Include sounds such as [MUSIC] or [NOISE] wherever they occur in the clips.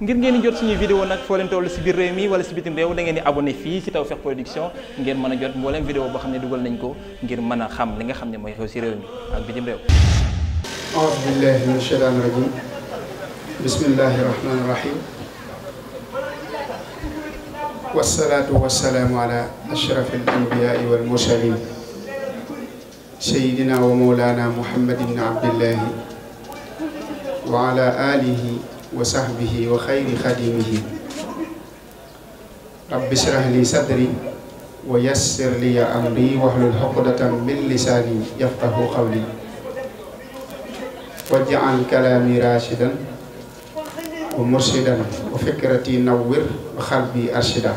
ngir ngeen di jot suñuy vidéo nag foo leen si biir réew mi wala si bitim réew da ngeen di abonné fii si Tawfekh Production ngeen mën a jot mbooleem vidéo boo xam ne dugal nañ ko ngir mën a xam li nga xam ne mooy xew si réew mi ak bitim réew aouzu billahi min shaytaani rajim bismillahi rahmani rahim wasalaatu wasalaamu ala ashrafi al anbiyaai wal mursalin sayidina wa sahbihi wa xayri xadimihi rabbi shrah li sadri wa yassir li amri wahlul uqdatan min lisaani yafqahu qawli waj'al kalaami raashidan wa murshidan wa fikrati nawwir wa xalbi arshida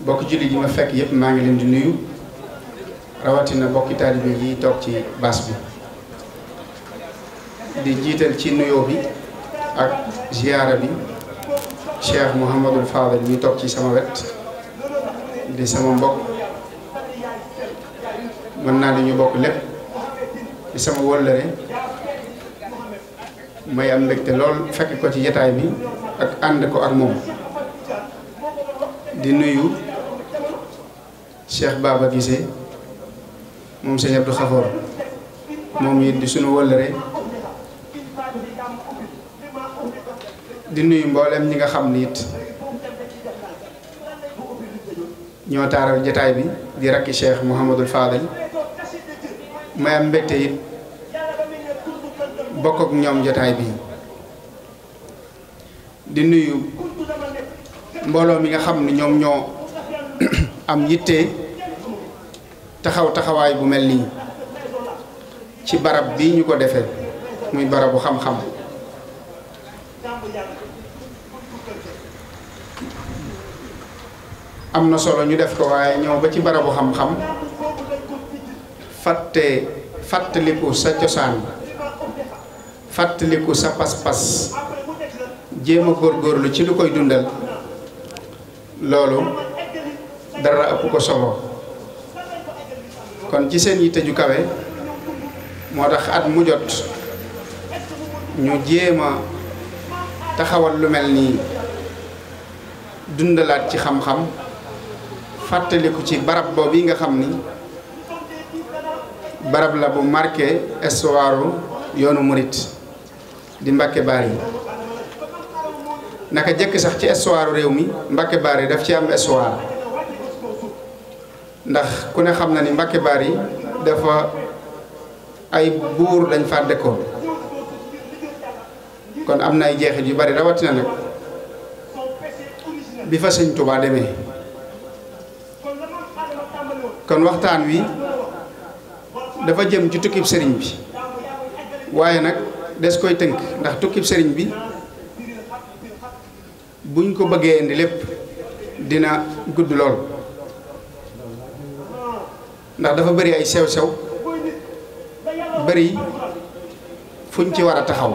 bokk julli yi ma fekk yépp maa ngi leen di nuyu rawatina bokki taalibe yi toog ci baas bi di jiital ci nuyoo bi ak ziyaara bi Cheikh Mouhamadul Fadel mi toog ci sama wet di sama mbokk mën naa di ñu bokk lépp di sama wóllëre may am mbégte lool fekk ko ci jataay bi ak ànd ko ak moom di nuyu Cheikh Baba Guissé moom sëñ Abdou Khafor moom it di sunu wóllëre di nuyu mboolem ñi nga xam ni it ñoo taaral jataay bi di rakki Cheikh Mouhamadul Fadel may am mbégte it bokk ak ñoom jataay bi di nuyu mbooloo mi nga xam ni ñoom ñoo [CLEARS THROAT] am yitte taxaw taxawaay bu mel nii ci barab bii ñu ko defee muy barabu xam-xam. am na solo ñu def ko waaye ñëw ba ci barabu xam-xam fàtte fàttaliku sa cosaan fàttaliku sa pas-pas jéem a góorlu ci lu koy dundal loolu dara ëpp ko solo kon ci seen yitte ju kawe moo tax at mu jot ñu jéema taxawal lu mel nii dundalaat ci xam-xam fàttaliku ci barab bi nga xam ni barab la bu marke histoire yoonu murit di Mbàkke Baari naka jëkk sax ci histoire réew mi Mbàkke Baari daf ci am histoire ndax ku ne xam na ni Mbàkke Baari dafa ay buur dañ fa dëkkoon kon am na ay jeexit yu bari na ne bi fa sëñ Tuubaa demee kon waxtaan wi dafa jëm ci tukkib sëriñ bi waaye nag des koy tënk ndax tukkib sëriñ bi buñ ko bëggee indi lépp dina gudd loolu ndax dafa bëri ay sew-sew bëri fuñ ci war a taxaw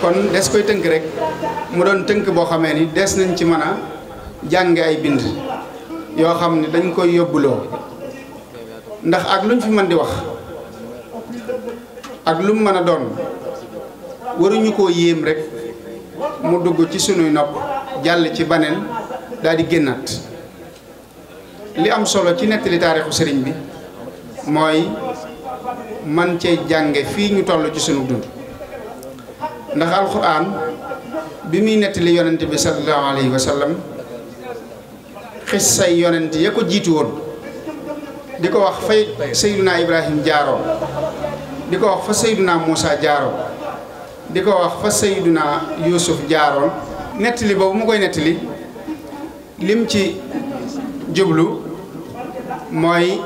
kon des koy tënk rek mu doon tënk boo xamee ni des nañ ci mën a jàng ay bind yoo xam ne dañ koy yóbbuloo ndax ak luñ fi mën di wax ak lu mu mën a doon waruñu koo yéem rek mu dugg ci sunuy nopp jàll ci baneen daal di génnaat li am solo ci nettali taarixu sëriñ bi mooy man cee jànge fii ñu toll ci sunu dund ndax alxuraan bi muy nettali yonente bi sallallahu alayhi wa sallam xissay yonent ya ko jiitu woon di ko wax fay sayduna ibrahim jaaroon di ko wax fa sayduna Moussa jaaroon di ko wax fa sayduna Yuusuf jaaroon nettali boobu mu koy nettali lim ci jublu mooy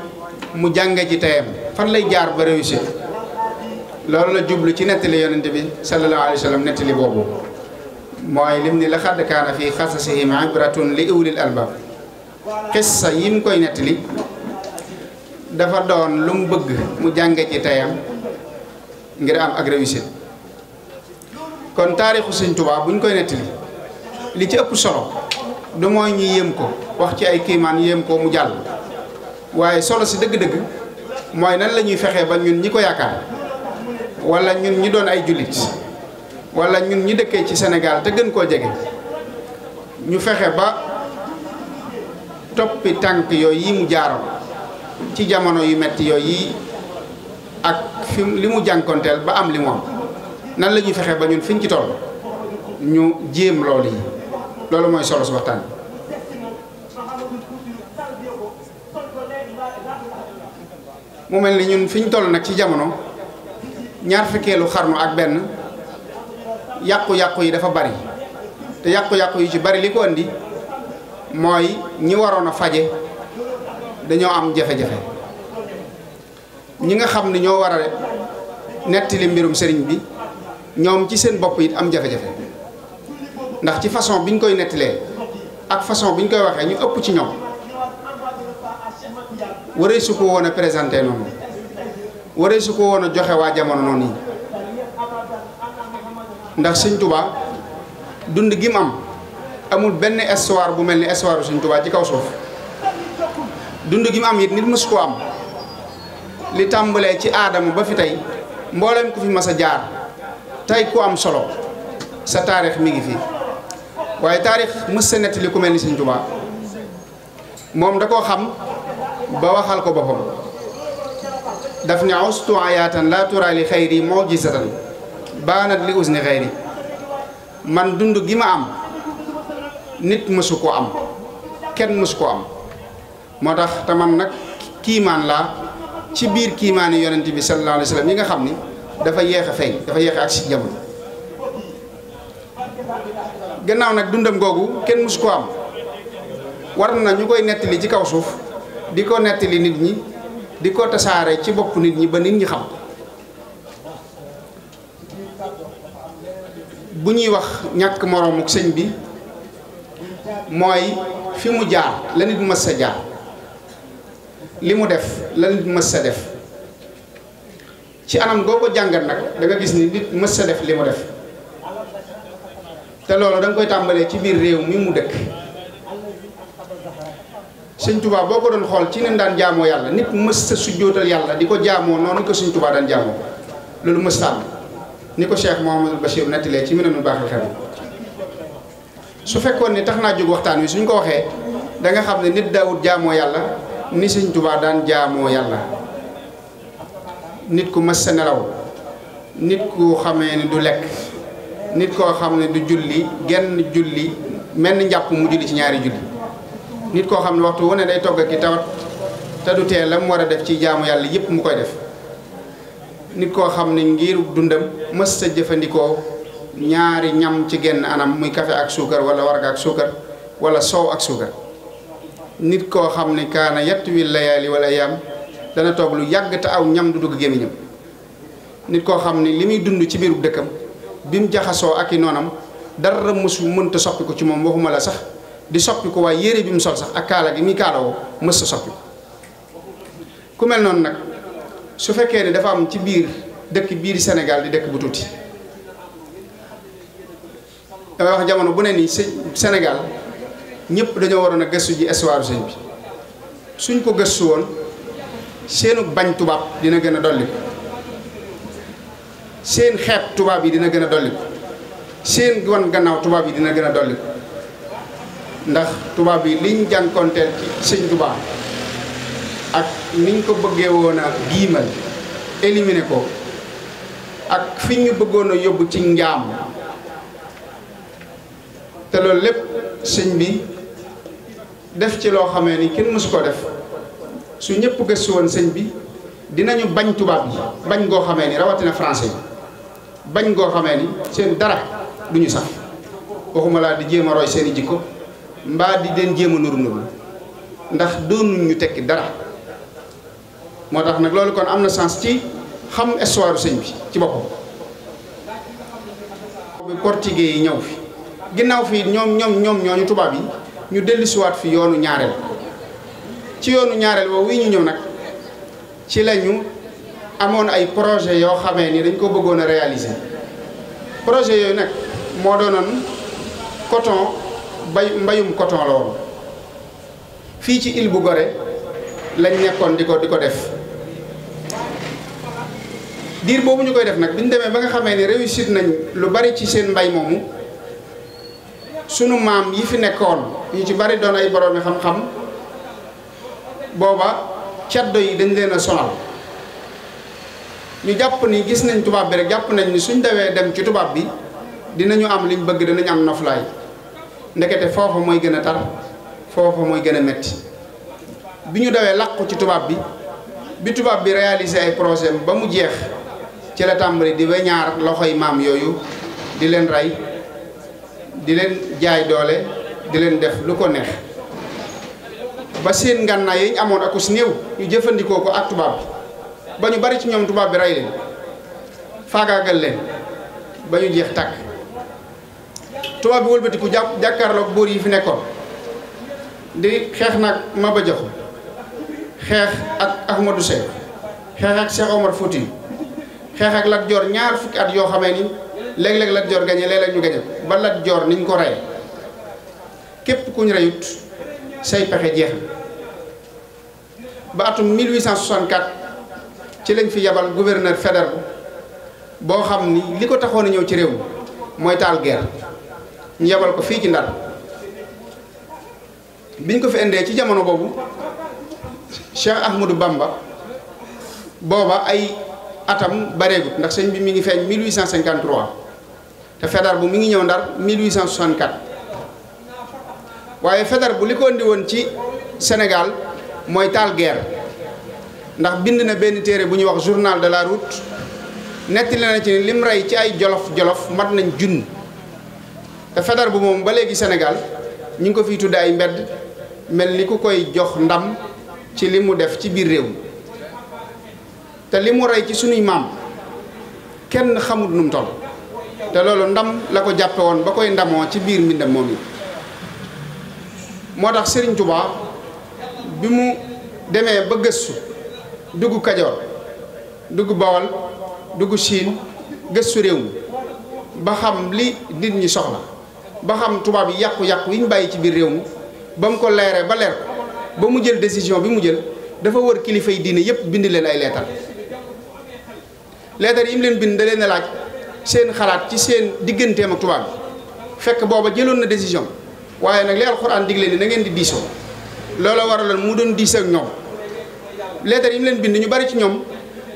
mu jànge ji tayam fan lay jaar ba réussir loolu la jublu ci nettali yonent bi sallallahu alayhi wa sallam nettali boobu mooy lim ni la xadd kaana fi xasasihim ibratun li ulil albab sa yi mu koy nettali dafa doon lu mu bëgg mu jànge ci teyam ngir am ak réussite kon taarixu Sëñ Tuubaa bu ñu koy nettali li ci ëpp solo du mooy ñu yéem ko wax ci ay kiimaan yéem ko mu jàll waaye solo si dëgg-dëgg mooy nan lañuy fexe ba ñun ñi ko yaakaar wala ñun ñi doon ay jullit wala ñun ñi dëkkee ci Sénégal te gën koo jege ñu fexe ba toppi tànk yooyu yi mu jaaroon ci jamono yu metti yoo yi ak fi li mu jànkonteel ba am li mu nan lañuy fexe ba ñun fiñ ci toll ñu jéem loolu yi loolu mooy solo waxtaan mu mel ni ñun fiñ ñu toll nag ci jamono ñaar fukkeelu xarnu ak benn yàqu-yàqu yi dafa bari te yàqu-yàqu yi ci bari li ko andi mooy ñi waroon a faje dañoo am jafe-jafe ñi nga xam ni ñoo war a nettali mbirum sëriñ bi ñoom ci seen bopp yi am jafe-jafe ndax ci façon biñ koy nettalee ak façon biñ koy waxee ñu ëpp ci ñoom waree su ko woon a présenté noonu waree su ko woon a joxe waa jamono noonu yi ndax Sëñ Tuubaa dund gi am. amul benn histoire bu mel ni histoire Sëñ Tuubaa ci kaw suuf dund gi mu am it nit mësu ko am li tàmbalee ci aadama ba fi tey mboolem ku fi mas a jaar tey ku am solo sa taarix mi ngi fi waaye taarix mës sa nettali ku mel ni Sëñ Tuubaa moom da koo xam ba waxal ko boppam daf ne ustu ayaatan laa turaa li xayri mujizatan baanat li usni xayri man dund gi ma am nit mësu ko am kenn mësu ko am moo tax tamam nag kiimaan laa ci biir kiimaan yi yonent bi sallallahu yi nga xam ni dafa yéex a feeñ dafa yéex ak si jamono gannaaw nag dundam googu kenn mësu ko am war na ñu koy nettali ci kaw suuf di ko nettali nit ñi di ko tasaare ci bopp nit ñi ba nit ñi xam bu ñuy wax ñàkk moroomu sëñ bi mooy fi mu jaar la nit mës sa jaar li mu def la nit mës sa def ci anam goo ko jàngat nag danga gis ni nit mës sa def li mu def te loolu da koy tàmbalee ci biir réew mi mu dëkk sëñ Tuubaa boo ko doon xool ci ni daan jaamoo yàlla nit mës sa sujjootal yàlla di ko jaamoo noonu ko sëñ Tuubaa daan jaamoo loolu mës sa am ni ko Cheikh Mouhamadou Bachir nettalee ci Minanul Baaxil su fekkoon ni tax naa jóg waxtaan wi suñ ko waxee danga xam ne nit daawut jaamoo yàlla ni sëñ Tuubaa daan jaamoo yàlla nit ku mës sa nelaw nit ku xamee ni du lekk nit koo xam ne du julli genn julli mel ni njàpp mu julli ci ñaari julli nit koo xam ne waxtu wu day togg ki tawat te du tee la mu war a def ci jaamu yàlla yépp mu koy def nit koo xam ne ngir dundam mës sa jëfandikoo ñaari ñam ci genn anam muy kafe ak suukar wala warga ak suukar wala soow ak suukar nit koo xam ne kaana yett wi layaali wala yam dana toog lu yàgg te aw ñam du dugg gémmiñam nit koo xam ne li muy dund ci biiru dëkkam bi mu jaxasoo ak i noonam dara mësu mënta ko ci moom waxuma la sax di soppi ko waaye yére bi mu sol sax ak kaala gi muy kaalawoo mës sa soppiku ku mel noonu nag su fekkee ne dafa am ci biir dëkk biir senegal di dëkk bu tuuti damay wax jamono bu ne nii senegal ñëpp dañoo waroon a gëstu ji histoire sëñ bi suñ ko gëstu woon seenu bañ tubaab dina gën a dolli ko seen xeet tubaab yi dina gën a dolli ko seen wan gannaaw tubaab yi dina gën a dolli ko ndax tubaab yi liñ jànkonteel ci sëñ Tuubaa ak niñ ko bëggee woon a giimal éliminer ko ak fi ñu bëggoon a yóbbu ci njaam te loolu lépp sëñ bi def ci loo xamee ni kenn mësu koo def su ñëpp gëstu woon sëñ bi dinañu bañ tubaab yi bañ goo xamee ni rawatina français bañ goo xame ni seen dara du ñu sax waxuma laa di jéem a roy seen i jikko mbaa di leen jéem a nuru nuru ndax doonuñ ñu tekki dara moo tax nag loolu kon am na sans ci xam histoire sëñ bi ci boppam. portugais yi ñëw fi ginnaaw fii ñoom ñoom ñoom ñooñu tubaab yi ñu dellusiwaat fi yoonu ñaareel ci yoonu ñaareel boobu wii ñu ñëw nag ci la ñu amoon ay projet yoo xamee ni dañ ko bëggoon a réaliser projet yooyu nag moo doonoon coton bay mbayum coton fii ci île bu Gorée lañ nekkoon di ko di ko def diir boobu ñu koy def nag bi demee ba nga xamee ni réussir nañ lu bari ci seen mbay moomu sunu maam yi fi nekkoon ñu ci bari doon ay boroomi xam-xam booba ceddo yi dañ leen a sonal ñu jàpp ni gis nañ tubaab bi rek jàpp nañ ni suñ dawee dem ci tubaab bi dinañu am liñ bëgg dinañ am noflaay ndekete foofa mooy gën a tar foofa mooy gën a metti bi ñu dawee làqu ci tubaab bi bi tubaab bi réalisé ay projet ba mu jeex ci la tàmbali di weñaar loxoy maam yooyu di leen rey di leen jaay doole di leen def lu ko neex ba seen ngànnaay yi ñu amoon ak us néew yu jëfandikoo ko ak tubaab bi ba ñu bari ci ñoom tubaab bi rey leen faagaagal leen ba ñu jeex tàkk tubaab bi wëlbatiku jàpp jàkkaarloog buur yi fi nekkoon di xeex nag Maba Jaxu xeex ak Ahmadou Seck xeex ak Cheikh Omar Fouti xeex ak Lat Joor ñaar fukki at yoo xamee ni léeg-léeg Lat Joor gañe léeg ñu gañe ba Lat Joor niñ ko rey képp ku ñu reyut say pexe jeex ba atum 1864 ci lañ fi yabal gouverneur fédéral boo xam ni li ko taxoon ñëw ci réew mooy taal guerre ñu yabal ko fii ci Ndar biñ ko fi indee ci jamono boobu Cheikh Ahmadou Bamba booba ay atam bareegut ndax sëñ bi mi ngi feeñ 1853 te Faidherbe bu mi ngi ñëw Ndar 1864 waaye Faidherbe bu li ko andi woon ci Sénégal mooy taal guerre ndax bind na benn téere bu ñuy wax journal de la nettali na ci ne lim rey ci ay jolof jolof mat nañ junn te Faidherbe bu moom ba léegi Sénégal ñu ngi ko fiy tudd ay mbedd mel ni ku koy jox ndam ci li mu def ci biir réew mi te li mu roy ci sunuy maam kenn xamut num mu toll te loolu ndam la ko jàppe woon ba koy ndamoo ci biir mbindam moom yi moo tax sëriñ Touba bi mu demee ba gëstu dugg Kajoor dugg bawal dugg Chine gëstu réew mi ba xam li nit ñi soxla ba xam tubaab yi yàqu-yàqu yi ñu bàyyi ci biir réew mi ba mu ko leeree ba leer ba mu jël décision bi mu jël dafa wër kilifa yi diine yépp bind leen ay leetal leetar yi mu leen bind dalee leen a seen xalaat ci seen digganteem ak tubaab bi fekk booba jëloon na décision waaye nag li alxuraan digle ni na ngeen di diisoo loola waraloon mu doon diis ak ñoom leetar yi mu leen bind ñu bari ci ñoom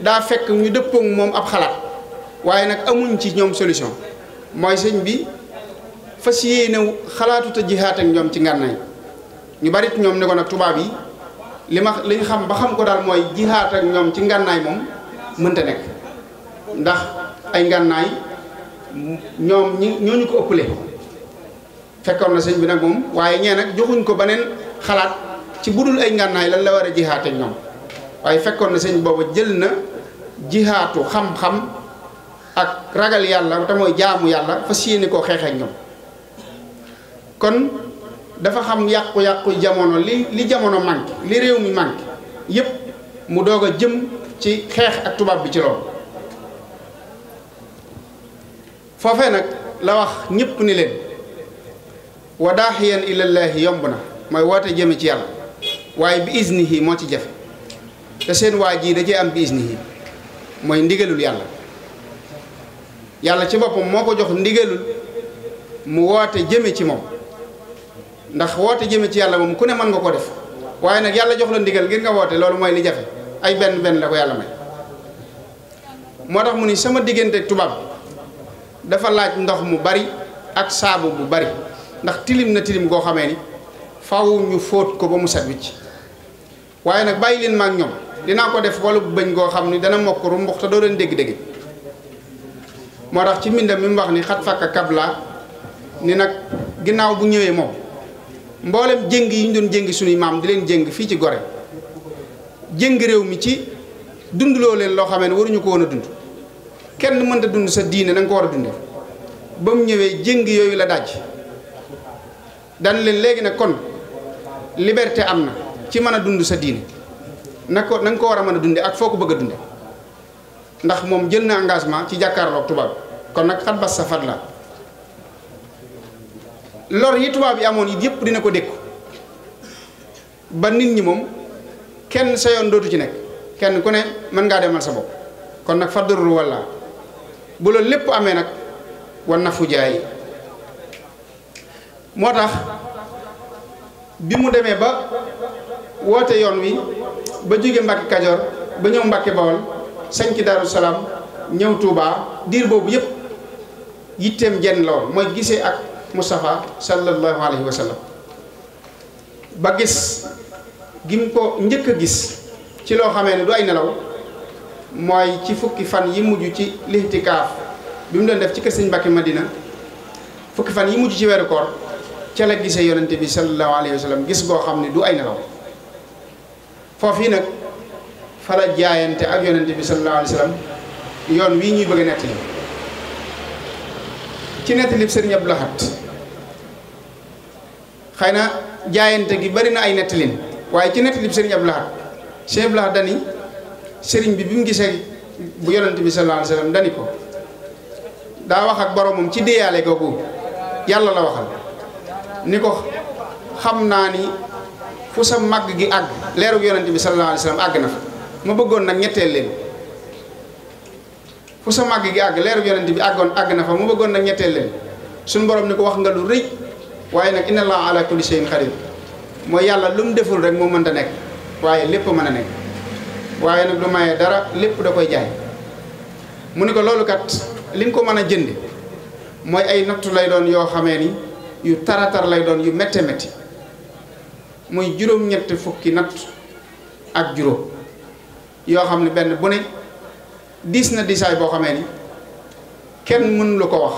daa fekk ñu dëppoog moom ab xalaat waaye nag amuñ ci ñoom solution mooy sëñ bi fas yéene xalaatut a jihaat ak ñoom ci ngànnaay ñu bari ci ñoom ne ko nag tubaab yi li ma li xam ba xam ko daal mooy jihaat ak ñoom ci ngànnaay moom mënta nekk ndax ay ngànnaay ñoom ñi ñoo ñu ko ëppale fekkoon na sëñ bi nag moom waaye ñee nag joxuñ ko beneen xalaat ci budul ay ngànnaay lan la war a jihaate ñoom waaye fekkoon na sëñ boobu jël na jihaatu xam-xam ak ragal yàlla te mooy jaamu yàlla fas yéene koo xeex ñoom kon dafa xam yàqu-yàqu jamono li li jamono manqué li réew mi manqué yépp mu doog a jëm ci xeex ak tubaab bi ci loolu foofe nag la wax ñëpp ni leen wa daaxiyan ilallaahi yomb na mooy woote jëme ci yàlla waaye bi isnihi moo ci jafe te seen waa jii da cee am biis isnihi mooy ndigalul yàlla yàlla ci boppam moo ko jox ndigalul mu woote jëme ci moom ndax woote jëme ci yàlla moom ku ne mën nga ko def waaye nag yàlla jox la ndigal ngir nga woote loolu mooy li jafe ay benn benn la ko yàlla may moo tax mu ni sama diggante tubaab dafa laaj ndox mu bari ak saabu bu bari ndax tilim na tilim goo xamee ni faw fóot ko ba mu set wicc waaye nag bàyyi leen maak ñoom dinaa ko def wala bu bëñ goo xam ni dana mokk rumbux te doo leen dégg-dégg moo tax ci mbind mi mu wax ni xat fakka kabla ni nag ginnaaw bu ñëwee moom mboolem jëng yi ñu doon jéngi suñuy maam di leen jéng fii ci gore jéng réew mi ci dundloo leen loo xamee ne waruñu ko woon a dund kenn mënta dund sa diine na ko war a dunde ba mu ñëwee jëng yooyu la daj dan leen léegi nag kon liberté am na ci mën a dund sa diine na ko na ko war a mën a dunde ak foo ko bëgg a dunde ndax moom jën na engagement ci jàkkaarloog tubaab kon nag xat bas sa fat la lor yi tubaab yi amoon it yëpp dina ko dékku ba nit ñi moom kenn sa yoon dootu ci nekk kenn ku ne mën ngaa demal sa bopp kon nag faddarul walla bu loolu lépp amee nag war na fu jaay moo tax bi mu demee ba woote yoon wi ba jóge Mbàkke Kajoor ba ñëw Mbàkke Bawol sañ ci Daaru ñëw Touba diir boobu yépp yitteem jenn la mooy gisee ak mustafa sallallahu alayhi wa ba gis gi mu ko njëkk a gis ci loo xamee ne du ay nelaw mooy ci fukki fan yi mujj ci lixtikaaf bi mu doon def ci kër sëñ Mbàkke Madina fukki fan yi mujj ci weeru koor ca la gisee yonente bi sallallahu alayhi wa gis goo xam ne du ay nelaw yi nag fa la jaayante ak yonente bi sallallahu alayhi wa yoon wii ñuy bëgg a nettali ci nettali sëriñ Abdou Lahad xëy na jaayante gi bari na ay nettalin waaye ci nettali sëriñ Abdou Lahad sëriñ Abdou Lahad dani sëriñ bi bi mu gisee bu yonent bi sallallahu alayhi dani ko daa wax ak boromam ci déyaale googu yàlla la waxal ni ko xam naa ni fu sa màgg gi àgg leeru yonent bi sallallahu alayhi àgg na fa ma bëggoon nag ñetteel leen fu sa màgg gi àgg leeru yonent bi àggoon àgg na fa ma bëggoon nag ñetteel leen suñu borom ni ko wax nga lu rëy waaye nag inna allaha ala kulli shay'in qadir mooy yàlla lu mu deful rek moo mënta nekk waaye lépp mën a nekk waaye nag du maye dara lépp da koy jaay mu ne ko loolu kat li nga ko mën a jënde mooy ay nattu lay doon yoo xamee ni yu tar lay doon yu métte métti mooy juróom-ñetti fukki natt ak juróom yoo xam ne benn bu ne diis na diisaay boo xamee ni kenn mënu lu ko wax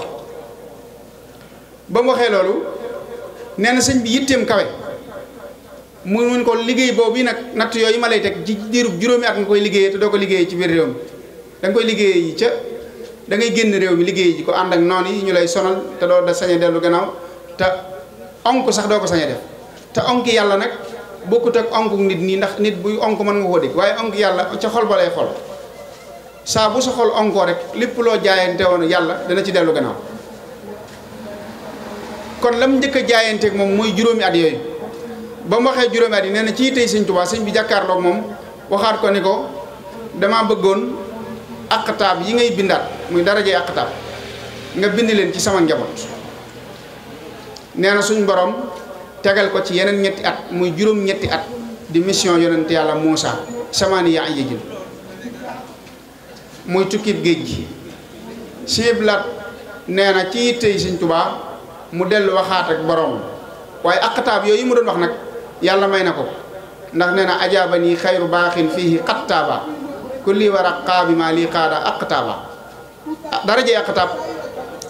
ba mu waxee loolu nee na sëñ bi yitteem kawe mënuñ ko liggéey boobu nag natt yooyu ma lay teg ji diirub juróomi at nga koy liggéeyee te doo ko liggéeyee ci biir réew mi da koy liggéey ca dangay génn réew mi liggéey ji ko ànd ak noonu yi ñu lay sonal te doo da sañ dellu gannaaw te onk sax doo ko sañ a def te onk yàlla nag bokkut ak onk nit nii ndax nit buy onk mën nga koo dégg waaye onk yàlla ca xol ba lay xol saa bu sa xol onkoo rek lépp loo jaayante woon yàlla dana ci dellu gannaaw kon la mu njëkk a jaayanteeg moom mooy juróomi at yooyu ba mu waxee juróomi at yi nee na ci tey sëñ Tuubaa sëñ bi jàkkaarloog moom waxaat ko ni ko dama bëggoon aqtaab yi ngay bindaat muy darajee aqtaab nga bind leen ci sama njaboot nee na suñ boroom tegal ko ci yeneen ñetti at muy juróom-ñetti at di mission yonent yàlla Muusa samaani yaa ay yëjël muy tukkib géej gi siiblaat nee na ci tey sëñ Tuubaa mu dellu waxaat ak borom waaye aqtaab yooyu mu doon wax nag yàlla may na ko ndax nee na ajaaba nii xayru baaxin fiihi xat taaba kulli war a xaabi maa lii xaada aq taaba ah, dara jee aq taab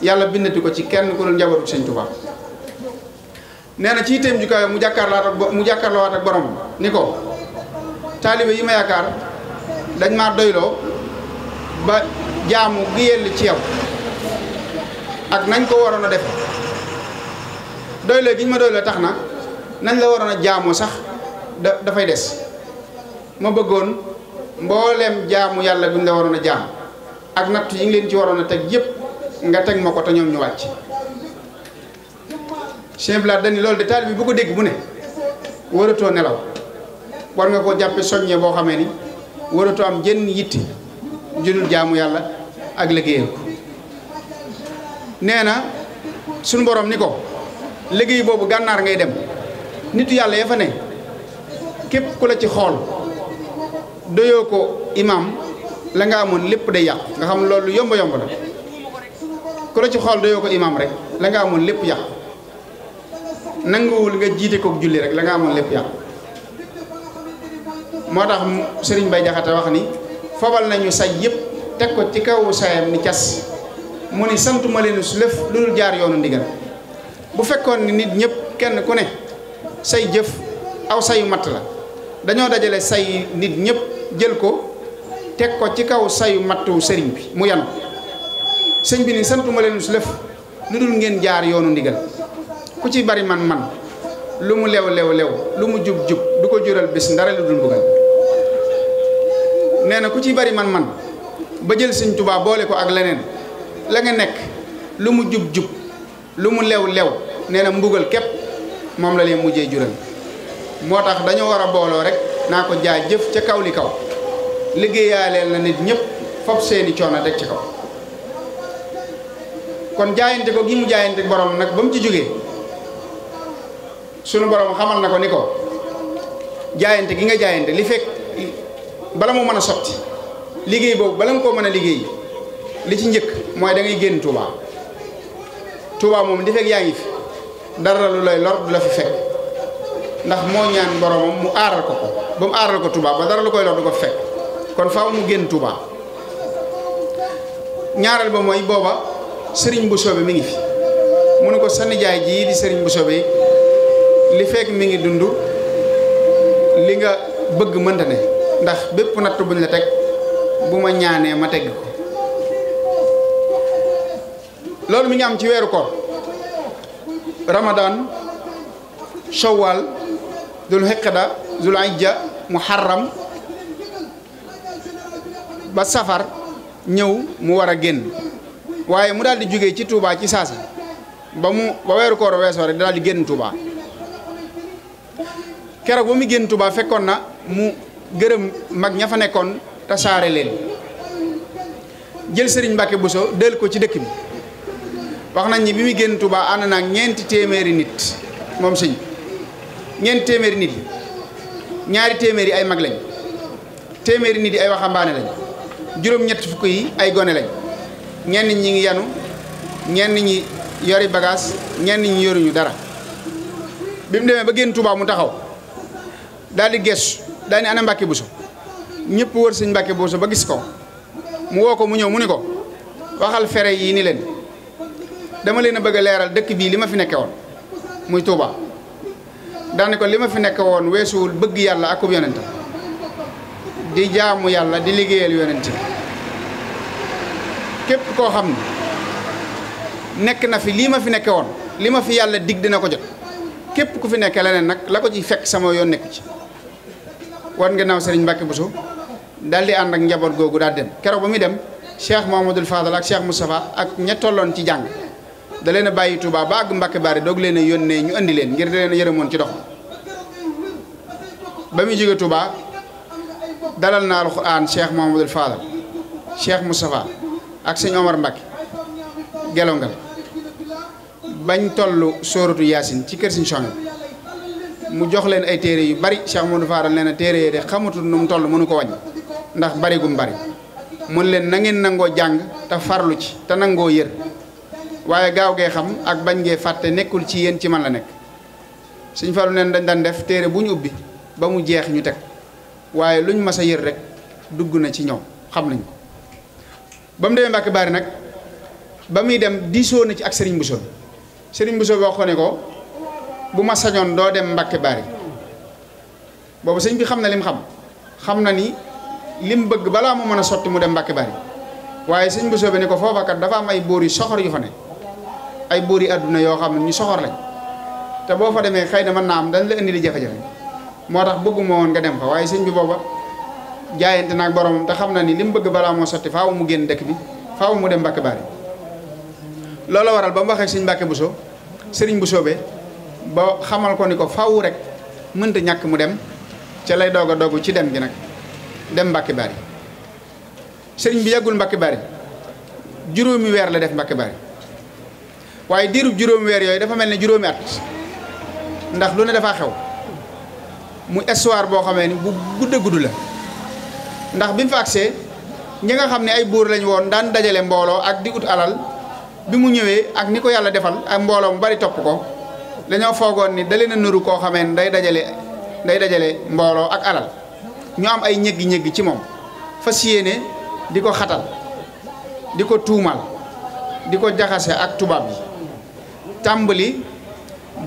yàlla bindati ko ci kenn ku dul njabootu sëñ Tuubaa nee na ci itam jukaay mu jàkkaarloo ak mu jàkkaarloo waat ni ko taalibe yi ma yaakaar dañ maa doyloo ba jaamu gi yell ci yaw ak nañ ko waroon a defe doyloo gi ma doyloo tax na nañ la waroon a jaamoo sax da dafay des ma bëggoon mboolem jaamu yàlla guñ la waroon a jaam ak natt yi ngi leen ci waroon a teg yëpp nga teg ma ko te ñoom ñu wàcc Cheikh Blanc dañ loolu de taalibe bi bu ko dégg mu ne waratoo nelaw war nga koo jàppe soññe boo xamee ni waratoo am jenn yitte judul jaamu yàlla ak liggéeyam nee na sunu boroom ni ko liggéey boobu gànnaar ngay dem nitu yàlla ya fa ne képp ku la ci xool doyoo ko imaam la nga amoon lépp day yàq nga xam loolu yomba yomb la ku la ci xool dayoo ko imaam rek la nga amoon lépp yàq nanguwul nga jiite kook julli rek la nga amoon lépp yàqu moo tax sëriñ Bay Jaxate wax ni fabal nañu say yëpp teg ko ci kaw sayam ni cas mu ni santuma leen su lëf lu dul jaar yoonu ndigal bu fekkoon ni nit ñëpp kenn ku ne say jëf aw sayu matt la dañoo dajale say nit ñëpp jël ko teg ko ci kaw sayu mattu sëriñ bi mu yan sëñ bi ni santuma leen su lëf lu dul ngeen jaar yoonu ndigal ku ci bari man man lu mu lew lew lew lu mu jub jub du ko jural bis ndara lu dul mbugal nee na ku ci bari man man ba jël sëñ Tuubaa boole ko ak leneen la nga nekk lu mu jub jub lu mu lew lew nee na mbugal képp moom la lay mujjee jural moo tax dañoo war a booloo rek naa ko jëf ca kaw li kaw liggéeyaaleel na nit ñëpp fab seeni coono deg ci kaw kon jaayante ko gi mu jaayante borom nag ba mu ci jógee sunu borom xamal na ko ni ko jaayante gi nga jaayante li fekk bala mu mën a sotti liggéey boobu bala nga koo mën a liggéey li ci njëkk mooy da ngay génn Touba Touba moom li fekk yaa ngi dara lu lay lor du la fi fekk ndax moo ñaan boromam mu aaral ko ko ba mu aaral ko Touba ba dara lu koy lor du ko fekk kon faaw mu génn Touba ñaareel ba mooy booba sëriñ bu soobee mi ngi fi mu ne ko sa nijaay jii di sëriñ bu soobee li fekk mi ngi dund li nga bëgg mënta ne ndax bépp natt buñ la teg bu ma ñaanee ma teg ko loolu mi ngi am ci weeru koor Ramadan Shawwal Dul Hiqda Dul mu Muharram ba safar ñëw mu war a génn waaye mu daal di jógee ci Touba ci saasa ba mu ba weeru koor weesoo rek daal di génn Touba keroog ba mu génn Touba fekkoon na mu gërëm mag ña fa nekkoon tasaare leen jël Serigne bu Bousso del ko ci dëkk bi. wax nañ ni bi muy génn Touba ànd naag ñeenti téeméeri nit moom sëñ ñeenti téeméeri nit yi ñaari téeméeri ay mag lañ téeméeri nit yi ay waxambaane lañ juróom-ñett fukk yi ay gone lañ ñenn ñi ngi yanu ñenn ñi yori bagage ñenn ñi yoruñu dara bi mu demee ba génn Touba mu taxaw daal di gees daal di ana Mbàkke Buso ñëpp wër sëñ Mbàkke Buso ba gis ko mu woo ko mu ñëw mu ni ko waxal fere yi ni leen. dama leen a bëgg leeral dëkk bii li ma fi nekke woon muy Touba daane ko li ma fi nekke woon weesuwul bëgg yàlla akub yonent di jaamu yàlla di liggéeyal yonent képp koo xam ne nekk na fi lii ma fi nekke woon li ma fi yàlla digg dina ko jot képp ku fi nekke leneen nag la ko ci fekk sama yoon nekk ci wan nga naw Serigne Mbacke busu daal di ànd ak njaboot googu daal dem keroog ba muy dem Cheikh Mouhamadoul Fadal ak Cheikh Moustapha ak ña tolloon ci jàng da leen a bàyyi Touba ba àgg Mbàkke Baari doog leen a yónnee ñu andi leen ngir da leen a yërëmoon ci dox ba muy jóge Touba dalal na alxuraan Cheikh Mouhamadul Fadal Cheikh Moustapha ak sëñ Omar Mbacke gelongal bañ toll sóoratu yaasin ci kër sëñ mu jox leen ay téere yu bari Cheikh Mouhamadul Fadal nee na téere yi de xamatul nu mu toll mënu ko wañ ndax bari bari mën leen na ngeen nangoo jàng te farlu ci te nangoo yër waaye gaaw gee xam ak bañ gee fàtte nekkul ci yéen ci man la nekk suñ falu neen dañ daan def téere bu ñu ubbi ba mu jeex ñu teg waaye luñ mas a yër rek dugg na ci ñoom xam nañ ko ba mu demee Mbàkke Baari nag ba muy dem diisoo na ci ak sëriñ Serigne Bousso Serigne Bousso wax ko ne ko bu ma sañoon doo dem Mbàkke Baari boobu sëñ bi xam na lim xam xam na ni lim bëgg balaa mu mën a sotti mu dem Mbàkke Baari waaye sëñ Bousso bi ni ko foofa kat dafa am ay bóor yu soxor yu fa ne ay buuri àdduna yoo xam ne ñu soxor lañ te boo fa demee xëy na mën naa am dañ la indi di jafe-jafe moo tax bëgguma woon nga dem fa waaye sëñ bi booba jaayante naag boromam te xam na ni li mu bëgg balaa moo sotti faaw mu génn dëkk bi faw mu dem Mbàkke Bari loolu waral ba mu waxee sëñ bu Buso sëriñ bu soobee ba xamal ko ni ko faw rek mënta ñàkk mu dem ca lay doog a dogu ci dem gi nag dem Mbàkke Bari sëriñ bi yàggul Mbàkke Bari juróomi weer la def Mbàkke Bari waaye diiru juróom weer yooyu dafa mel ne juróomi at ndax lu ne dafa xew mu histoire boo xamee ni bu gudd gudd la ndax bi mu fa agsee ñi nga xam ne ay buur lañ woon daan dajale mbooloo ak di ut alal bi mu ñëwee ak ni ko yàlla defal ak mbooloo mu bari topp ko dañoo foogoon ni da leen a nuru koo xamee ni day dajale day dajale mbooloo ak alal ñu am ay ñëgg-ñëgg ci moom fas yéene di ko xatal di ko tuumaal di ko jaxase ak tubaab yi tàmbali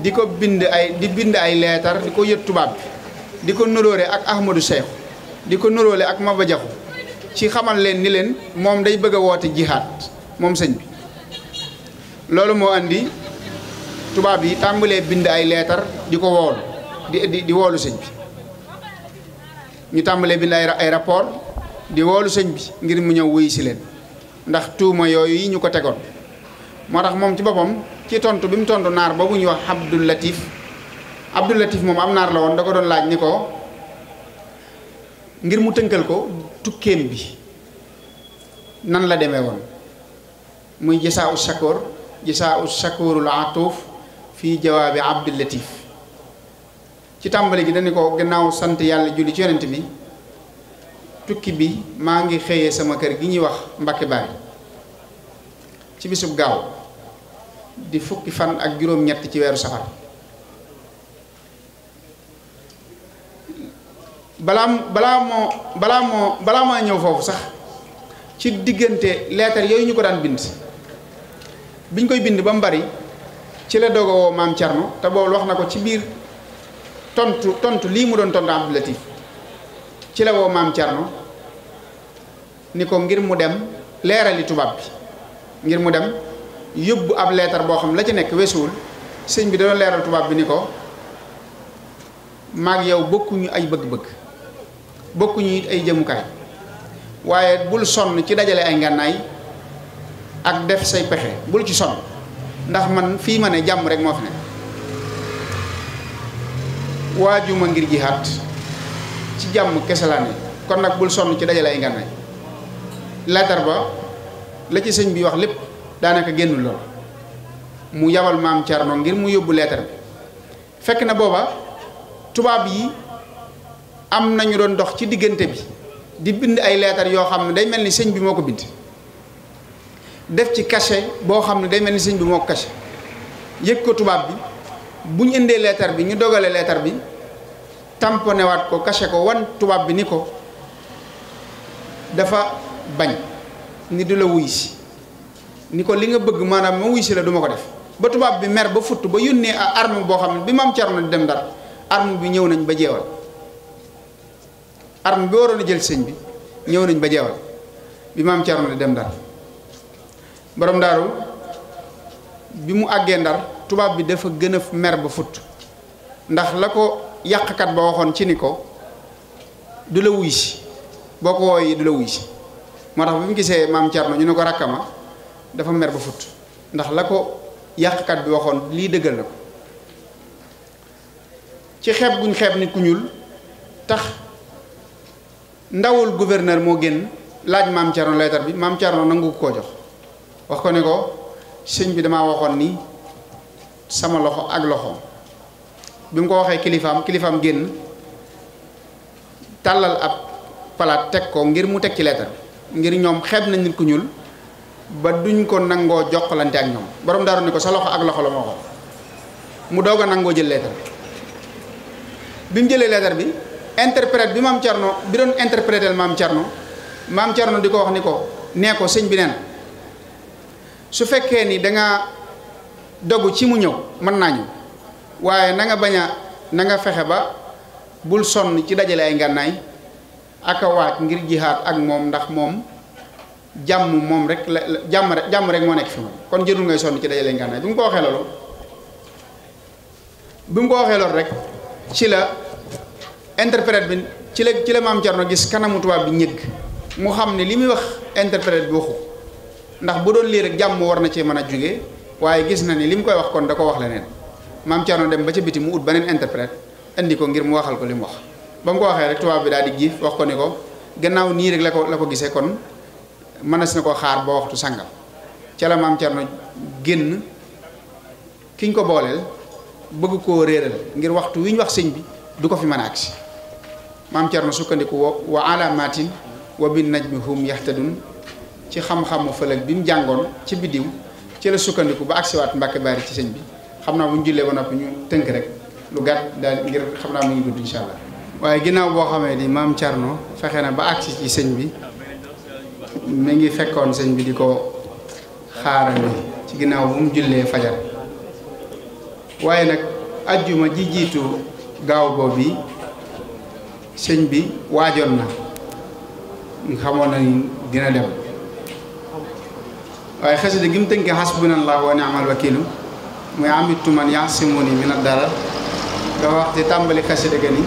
di ko bind ay di bind ay leetar di ko yët tubaab bi di ko nuróore ak Ahmadou Cheikh di ko nuróole ak Maba Jaxu ci xamal leen ni leen moom day bëgg a woote jihaat moom sëñ bi loolu moo indi tubaab yi tàmbalee bind ay leetar di ko woolu di di woolu sëñ bi ñu tàmbalee bind ay ay di woolu sëñ bi ngir mu ñëw wuy si leen ndax tuuma yooyu yi ñu ko tegoon moo tax moom ci boppam ci tontu bi mu tontu naar boobu ñuy wax Abdul Latif Abdul Latif moom am naar la woon da ko doon laaj ni ko ngir mu tënkal ko tukkeem bi nan la demee woon muy jisaa u shakoor jisaa u shakoorul atuuf fii jawaabi Abdul Latif ci tàmbali gi dañu ko gannaaw sant yàlla julli ci yonent bi tukki bi maa ngi xëyee sama kër gi ñuy wax Mbàkke Baari ci bisub gaaw di fukki fan ak juróom-ñett ci weeru safar balaa balaa moo balaa moo balaa moo ñëw foofu sax ci diggante leetar yooyu ñu ko daan bind biñ koy bind ba mu bari ci la dogo woo maam Thierno te boobu wax na ko ci biir tontu tontu lii mu doon tontu Abdou Latif ci la woo maam Thierno ni ko ngir mu dem leerali tubaab bi ngir mu dem. yóbbu ab leetar boo xam la ci nekk weesuwul sëñ bi dana leeral tubaab bi ni ko maag yow bokkuñu ay bëgg-bëgg bokkuñu it ay jëmukaay waaye bul sonn ci dajale ay ngànnaay ak def say pexe bul ci sonn ndax man fii ma ne jàmm rek moo fi nekk waajuma ngir jihaat ci jàmm kese laa ne kon nag bul sonn ci dajale ay ngànnaay leetar ba la ci sëñ bi wax lépp daanaka génn lool mu yabal maam Thierno ngir mu yóbbu leetar bi fekk na booba tubaab yi am nañu doon dox ci diggante bi di bind ay leetar yoo xam ne day mel ni sëñ bi moo ko bind def ci cachet boo xam ne day mel ni sëñ bi moo ko cachet yëg ko tubaab bi bu ñu indee leetar bi ñu dogale leetar bi tamponné ko cachet ko wan tubaab bi ni ko dafa bañ ni du la wuy ni ko li nga bëgg maanaam ma wuy si la duma ko def ba tubaab bi mer ba futt ba yónnee a arme boo xam ne bi maam Cerno di dem dara arme bi ñëw nañ ba jeewal arme bi waroon a jël sëñ bi ñëw nañ ba jeewal bi maam Cerno di dem dara borom daaru bi mu àggee ndar tubaab bi dafa gëna a mer ba futt ndax la ko yàqkat ba waxoon ci ni ko du la wuy si boo ko wooyee du la wuy si moo tax bi mu gisee maam Cerno ñu ne ko rakkama dafa mer ba fut ndax la ko yàqkat bi waxoon lii dëggal na ko ci xeeb guñ xeeb nit ku ñuul tax ndawul gouverneur moo génn laaj maam Thierno leetar bi maam Thierno nangu koo jox wax ko ne ko sëñ bi damaa waxoon ni sama loxo ak loxoom bi mu ko waxee kilifaam kilifaam génn tàllal ab palaat teg ko ngir mu teg ci leetar bi ngir ñoom xeeb nañ nit ku ñuul ba duñ ko nangoo jokkalante ak ñoom boroom daaru ni ko sa loxo ak loxo la moo ko mu doog nangoo jël leetar bi mu jëlee leetar bi interprète bi maam Thierno bi doon interpréter maam Thierno maam Thierno di ko wax ni ko nee ko sëñ bi nee su fekkee ni danga dogu ci mu ñëw mën naa ñëw waaye na nga bañ a na nga fexe ba bul sonn ci dajale ay ngànnaay ak a waaj ngir jihaat ak moom ndax moom. jàmm moom rek la jàmm rek jàmm rek moo nekk fi moom kon jërul ngay sonn ci dajale ngànnaay bi mu ko waxee loolu bi mu ko waxee loolu rek ci la interprète bi ci la ci la maam Cerno gis kanamu tubaab bi ñëgg mu xam ne li muy wax interprète bi waxu ndax bu doon lii rek jàmm war na cee mën a jóge waaye gis na ni li mu koy wax kon da ko wax leneen maam Cerno dem ba ca biti mu ut beneen interprète indi ko ngir mu waxal ko li mu wax ba mu ko waxee rek tubaab bi daal di giif wax ko ko gannaaw nii rek la la ko gisee kon mënees na ko xaar ba waxtu sàngam ca la maam Cerno génn kiñ ko booleel bëgg koo réeral ngir waxtu wi ñu wax sëñ bi du ko fi mën a agsi maam Cerno sukkandiku wa alaamatin wa bin najmi hum yahtadun ci xam mu fëlëg bi mu jàngoon ci biddiw ci la sukkandiku ba waat Mbàkke Bari ci sëñ bi xam naa bu ñu jullee ba noppi ñu tënk rek lu gàtt daal ngir xam naa mu ngi gudd incha allah waaye ginnaaw boo xamee di maam Cerno fexe na ba agsi ci sëñ bi mi ngi fekkoon sëñ bi di ko xaarandi ci ginnaaw bu mu jullee fajar waaye nag ajjuma ji jiitu gaaw boobu yi sëñ bi waajoon na nga xamoon na ni dina dem waaye xasida gi mu tënkee xasbunallahu wa ni'mal wakiilu muy amitu man yaxsimuni mina dara dafa wax tàmbali xasida ga ni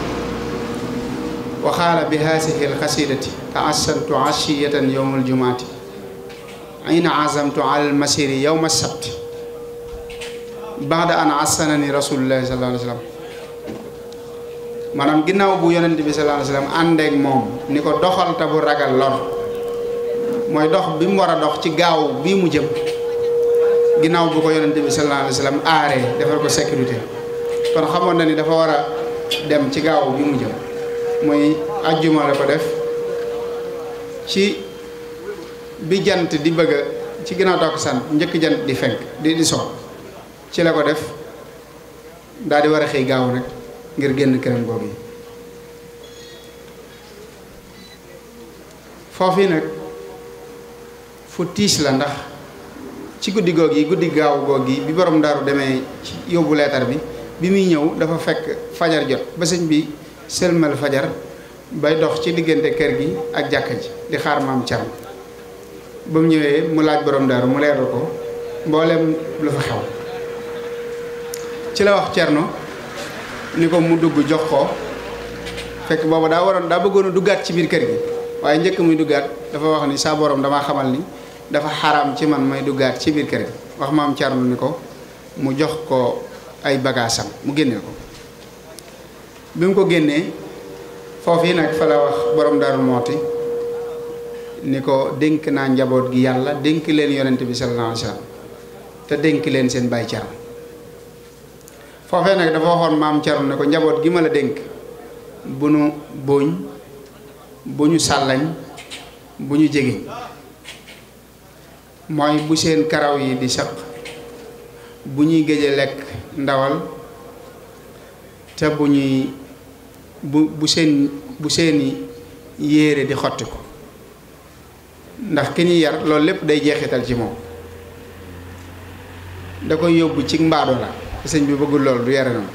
waxaale bi haasihi alxasidati taassantu ashiyatan yowma aljumaati ayna azamtu ala almasiri yowma sabti baada an assanani rasulullahi sallallahu alayhi wa sallam maanaam ginnaaw bu yonent bi sallallahu alayhi moom ni ko doxal bu ragal lor mooy dox bi mu war a dox ci gaaw bii mu jëm ginnaaw bu ko yonent bi sallallahu alayhi wa sallam aaree defal ko sécurité kon xamoon na ni dafa war a dem ci gaaw bi mu jëm muy ajjuma la ko def ci bi jant di bëgg ci ginnaaw takkusaan njëkk jant di fenk di di so ci la ko def daal di war a xëy gaaw nag ngir génn këram googu yi foofu nag fu tiis la ndax ci guddi goog yi guddi gaaw goog yi bi borom daaru demee ci yóbbu leetar bi bi muy ñëw dafa fekk fajar jot ba bi sëlmal fajar bay dox ci diggante kër gi ak jàkka ji di xaar maam Thiam ba mu ñëwee mu laaj borom daaru mu leeral ko mboolem lu fa xew ci la wax Cerno ni ko mu dugg jox ko fekk booba daa waroon daa bëggoon a duggaat ci biir kër gi waaye njëkk muy duggaat dafa wax ni saa borom damaa xamal ni dafa xaraam ci man may duggaat ci biir kër gi wax maam Cerno ni ko mu jox ko ay bagaasam mu génneel ko bi mu ko génnee yi nag fa la wax borom Daaru Mooti ni ko dénk naa njaboot gi yàlla dénk leen yonent bi sallallahu alayhi wa te dénk leen seen baay Cerno foofee nag dafa waxoon maam Cerno ne ko njaboot gi ma la dénk bu nu bóoñ bu ñu sàllañ bu ñu jegeñ mooy bu seen karaw yi di saq bu ñuy géje lekk ndawal te bu ñuy bu bu seen bu seeni yére di xotti ko ndax ki ñuy yar loolu lépp day jeexital ci moom da koy yóbbu ci mbaado la sëñ bi bëggul lool du yare noonu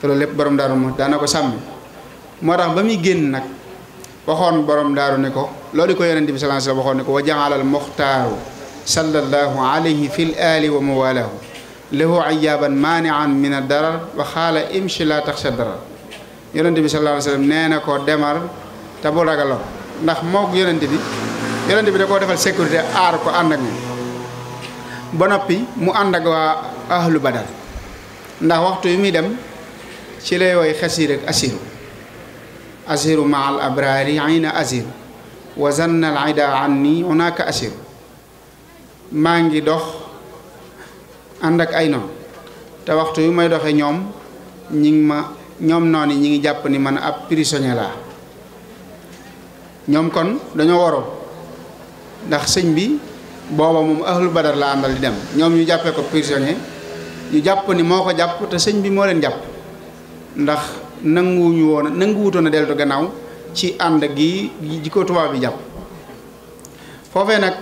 te loolu lépp borom daaru ma daana ko sàmm moo tax ba muy génn nag waxoon borom daaru ne ko loolu ko yonent bi sallallahu alayhi wasallam waxoon ne ko wa ja'alal muxtaaru sallallahu alayhi fil aali wa mawaalahu lahu ayaaban maanian min ad darar wa xaala imshi la taxsha darar yonente bi sallallahu nee na ko demal te bu ragaloo ndax moog yonente bi yonente bi da koo defal sécurité aar ko ànd ak ñun ba noppi mu ànd ak waa ahlu badar ndax waxtu yi muy dem ci lay woy xasiir ak asiru asiru ma al abraari ayna asiru wa zanna al ida anni hunaka asiru maa ngi dox ànd ak ay noon te waxtu yu may doxe ñoom ñi ma ñoom ni ñu ngi jàpp ni man ab prisonnier la ñoom kon dañoo waroo ndax sëñ bi booba moom ahlu badar la àndal di dem ñoom ñu jàppee ko prisonnier ñu jàpp ni moo ko jàpp te sëñ bi moo leen jàpp ndax nanguwuñu woon nanguwutoon a deltu gannaaw ci ànd gi ji ko tubaab bi jàpp foofee nag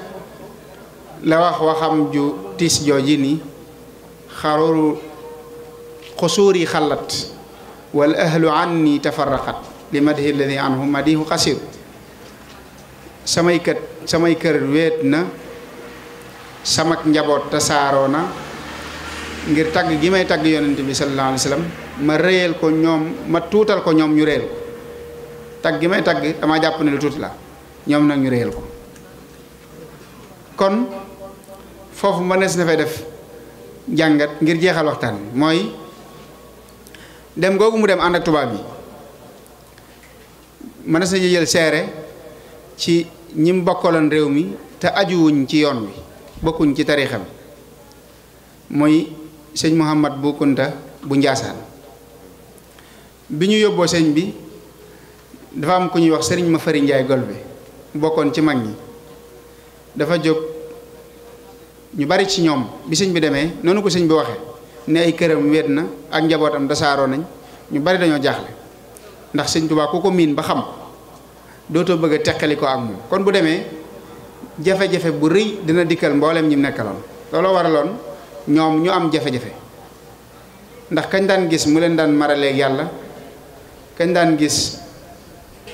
la wax waxam ju tiis jooji ni xarooru xusuuri xalat wal ahlu anni tafarraqat li madhi alladi anhu madihu xasiru samay kët samay kër wéet na samak njaboot tasaaroo na ngir tagg gi may tagg yonent bi sallallahu ma réyal ko ñoom ma tuutal ko ñoom ñu réyal ko tagg gi may tagg dama jàpp ne lu tuuti la ñoom nag ñu réyal ko kon foofu mënees na fay def jàngat ngir jeexal waxtaan mooy dem googu mu dem ànd ak tubaab yi mën na sa jël seere ci ñim mu bokkaloon réew mi te ajuwuñ ci yoon wi bokkuñ ci tariixa mooy sëñ Muhammad bu Kunta bu Njaasaan bi ñu yóbboo sëñ bi dafa am ku ñuy wax sëriñ ma fari Njaay Golbe bokkoon ci mag ñi dafa jóg ñu bari ci ñoom bi sëñ bi demee noonu ko sëñ bi waxe ne ay këram wéet na ak njabootam dasaaroo nañ ñu bari dañoo jaaxle ndax sëñ Tuubaa ku ko miin ba xam dootoo bëgg a teqali ko ak moom kon bu demee jafe-jafe bu rëy dina dikkal mbooleem ñi nekkaloon looloo waraloon ñoom ñu am jafe-jafe ndax kañ daan gis mu leen daan maraleeg yàlla kañ daan gis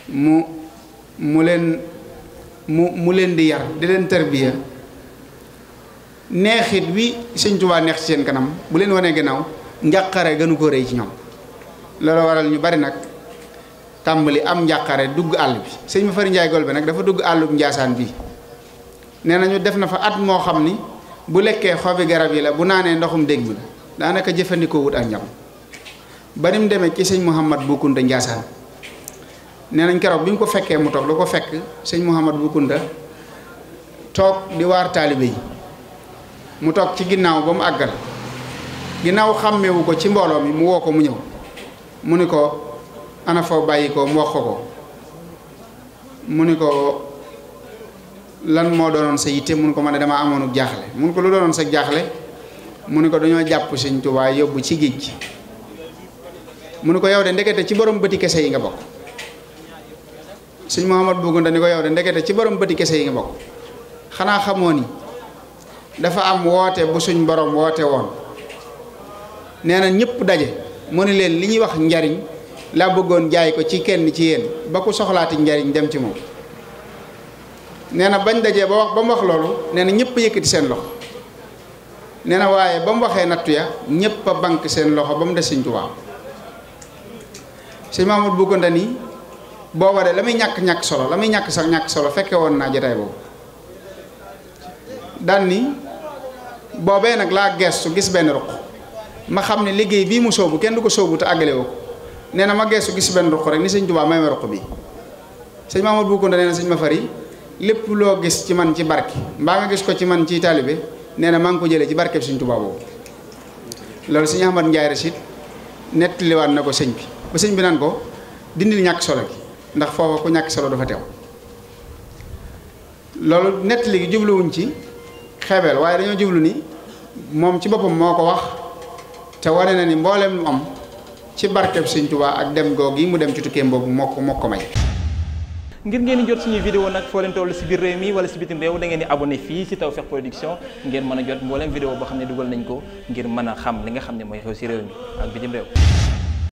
mu mu leen mu mu leen di yar di leen tarbiya neexit bi sëñ Tuubaa neex ci seen kanam bu leen wanee gannaaw njàqare gënu ko rëy ci ñoom loolu waral ñu bari nag tàmbali am njàqare dugg àll bi sëñ ma fari njaay golbe nag dafa dugg àllub njaasaan bi nee nañu def na fa at moo xam ni bu lekkee xobi garab yi la bu naanee ndoxum dégg la daanaka jëfandikoo wut ak ñam ba ni demee ci sëñ Mouhamad Boukounta njaasaan nee nañ keroog bi mu ko fekkee mu toog da ko fekk sëñ Mouhamad Boukounta toog di waar taalibe yi mu toog ci ginnaaw ba mu àggal ginnaaw xàmmewu ko ci mbooloo mi mu woo ko mu ñëw mu ni ko ana bàyyi ko mu wax ko ko mu ni ko lan moo doonoon sa yitte mu ni ko man ne damaa amoon jaaxle mu ni ko lu doonoon sa jaaxle mu ni ko dañoo jàpp Sëñ Tuubaa yóbbu ci géej gi mu ni ko yow de ndekete ci borom bëti kese yi nga bokk suñ Sëñ Muhammad Bugunda ni ko yow de ndekete ci borom bëti kese yi nga bokk xanaa xamoo nii dafa am woote bu suñ borom woote woon nee na ñëpp daje mu ni leen li ñuy wax njariñ laa bëggoon jaay ko ci kenn ci yéen ba ku soxlaati njariñ dem ci moom nee na bañ dajee ba wax ba mu wax loolu nee na ñëpp yëkkati seen loxo nee na waaye ba mu waxee nattu ya ñëpp a bank seen loxo ba mu des Sëñ Tuubaa Sëñ Maamadu Bukunta nii booba de la muy ñàkk ñàkk solo la muy ñàkk sax ñàkk solo fekke woon naa jotaay boobu daan ni boobee nag laa geestu gis benn ruq ma xam ne liggéey bii mu sóobu kenn du ko soobu te àggale woo ko nee na ma geestu gis benn ruq rek ni sëñ Tuubaa may ma ruq bi sëñ Mamadou Boukounda nee na sëñ ma fari lépp loo gis ci man ci barke mbaa nga gis ko ci man ci taalibe nee na maa ngi ko jëlee ci barkeb sëñ Tuubaa boobu loolu sëñ Ahmad Njaay Rasid nettaliwaat na ko sëñ bi ba sëñ bi naan ko dindil ñàkk solo bi ndax foofa ku ñàkk solo dafa teew loolu nettali ci xeebeel waaye dañoo jublu ni moom ci boppam moo ko wax te wane na ni mbooleem am ci barkeb Sëñ Tuubaa ak dem goog yi mu dem ci tukkeem boobu mokk ko may. ngir ngeen di jot suñuy vidéo nag foo leen toll si biir réew mi wala si bitim réew da ngeen di abonné fii si taw Tawfekh Production ngeen mën a jot mbooleem vidéo boo xam ne dugal nañ ko ngir mën a xam li nga xam ne mooy xew si réew mi ak bitim réew.